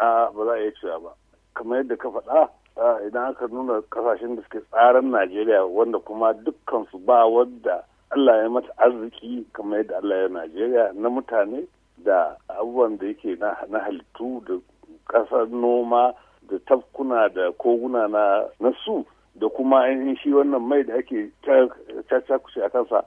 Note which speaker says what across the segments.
Speaker 1: a ba za a iya cewa ba kamar yadda ka faɗa idan aka nuna kasashen da suke tsarin najeriya wanda kuma dukkan su ba wadda allah ya mata arziki kamar yadda allah ya najeriya na mutane da abubuwan da yake na halittu da ƙasar noma da tafkuna da koguna na su da kuma ainihin shi wannan mai da ake cakushe a kansa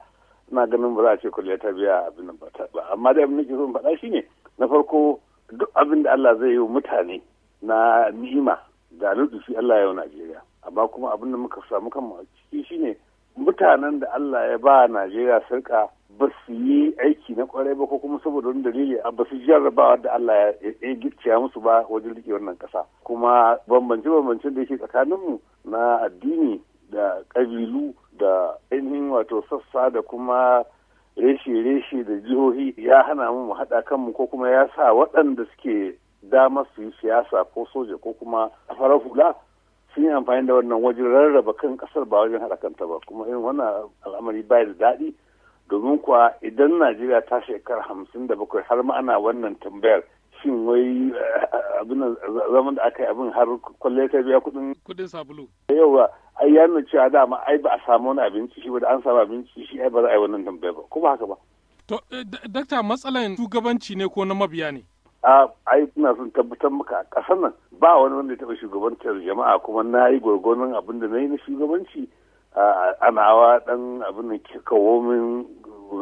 Speaker 1: na ganin ba za a ce kwalliya ta biya abin ba amma da abin da ke son faɗa shine na farko duk abin da Allah zai yi wa mutane na ni'ima da lutufi Allah ya yi wa Najeriya amma kuma abin da muka samu kan ciki shine mutanen da Allah ya ba Najeriya sarka ba su yi aiki na kwarai ba ko kuma saboda wani dalili ba su jarrabawa da Allah ya gicciya musu ba wajen rike wannan kasa kuma bambance bambance da yake tsakaninmu na addini da ƙabilu da ainihin wato sassa da kuma reshe-reshe da jihohi ya hana mu mu haɗa kanmu ko kuma ya sa waɗanda suke dama su yi siyasa ko soja ko kuma farar hula sun yi amfani da wannan wajen rarraba kan ƙasar ba wajen haɗa kanta ba kuma irin wannan al'amari baya da daɗi domin kuwa idan najeriya ta shekara hamsin da bakwai har ma ana wannan tambayar shin wai eh, abin zaman da aka yi abin har kwallo ta biya kudin kudin sabulu ba ai ya nuna cewa dama ai ba a samu wani abinci shi ba da an samu abinci shi ai ba za a yi wannan tambaya ba ko ba haka ba to eh, dakta matsalan shugabanci ne ko na mabiya ne a ai ina son tabbatar maka a ƙasar nan ba wani wanda ya taɓa shugabantar jama'a kuma na yi gwargwanon abin da na yi na shugabanci a nawa dan abin da kawo min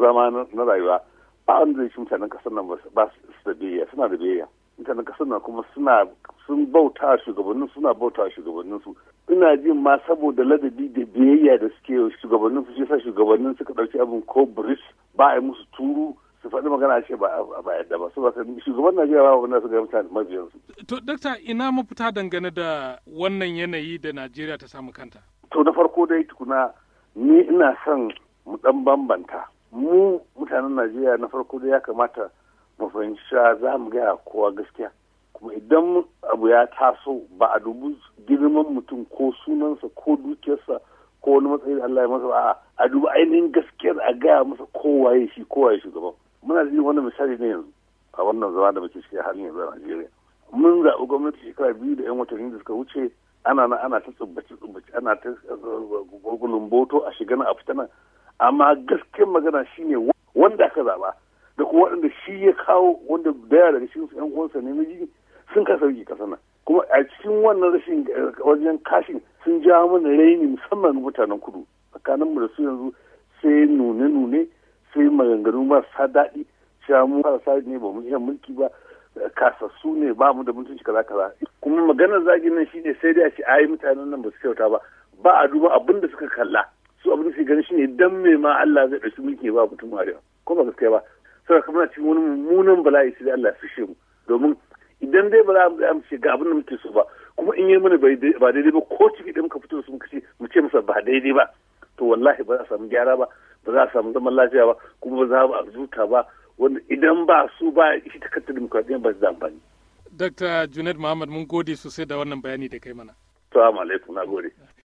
Speaker 1: zama na rayuwa ba wanda zai shi mutanen kasar nan ba su da biyayya suna da biyayya mutanen kasar nan kuma suna sun bauta shugabannin suna bauta shugabannin su ina jin ma saboda ladabi da biyayya da suke shugabannin su shi sa shugabannin suka dauki abin ko bris ba a yi musu turu su faɗi magana ce ba a yadda ba su ba shugaban Najeriya ba wanda su ga mutane su. To dakta ina mafita dangane da wannan yanayi da Najeriya ta samu kanta? To da farko dai tukuna ni ina son mu dan bambanta mu mutanen najeriya na farko da ya kamata mu fahimci cewa za mu gaya kowa gaskiya kuma idan abu ya taso ba a dubu girman mutum ko sunansa ko dukiyarsa ko wani matsayi da Allah ya masa ba a dubu ainihin gaskiyar a gaya masa kowa ya shi kowaye ba muna da wani misali ne yanzu a wannan zama da muke cikin halin yanzu a Najeriya mun zaɓi gwamnati shekara biyu da 'yan watanni da suka wuce ana na ana ta tsubbaci tsubbaci ana ta eh, eh, eh, gurgulun boto a shiga na a fita amma gaskiyar magana shine wanda aka zaba da kuma wanda shi ya kawo wanda daya daga cikin yan uwansa ne miji sun kasa yi kasa nan kuma a cikin wannan rashin eh, wajen kashin sun ja mana raini musamman mutanen kudu tsakanin mu da su yanzu sai nune-nune sai maganganu marasa daɗi cewa mu marasa ne ba mu iya mulki ba kasassu ne ba mu da mutunci kaza kaza kuma maganar zagin nan shine sai dai a ce yi mutanen nan ba su kyauta ba ba a duba abin da suka kalla su abin da su gani shine dan me ma Allah zai ɗauki mulki ba mutum arewa ko ba gaskiya ba saboda kamar cikin wani mummunan bala'i sai Allah su shi mu domin idan dai ba za mu ce ga abin da muke so ba kuma in yi mana ba daidai ba ko ciki idan muka fito su muka ce mu ce masa ba daidai ba to wallahi ba za a samu gyara ba ba za a samu zaman lafiya ba kuma ba za a zuta ba wanda idan ba su ba shi ta kanta dimokuraɗiyya ba su da amfani. Dr. Junaid Muhammad mun gode sosai da wannan bayani da kai mana. Salamu alaikum na gode.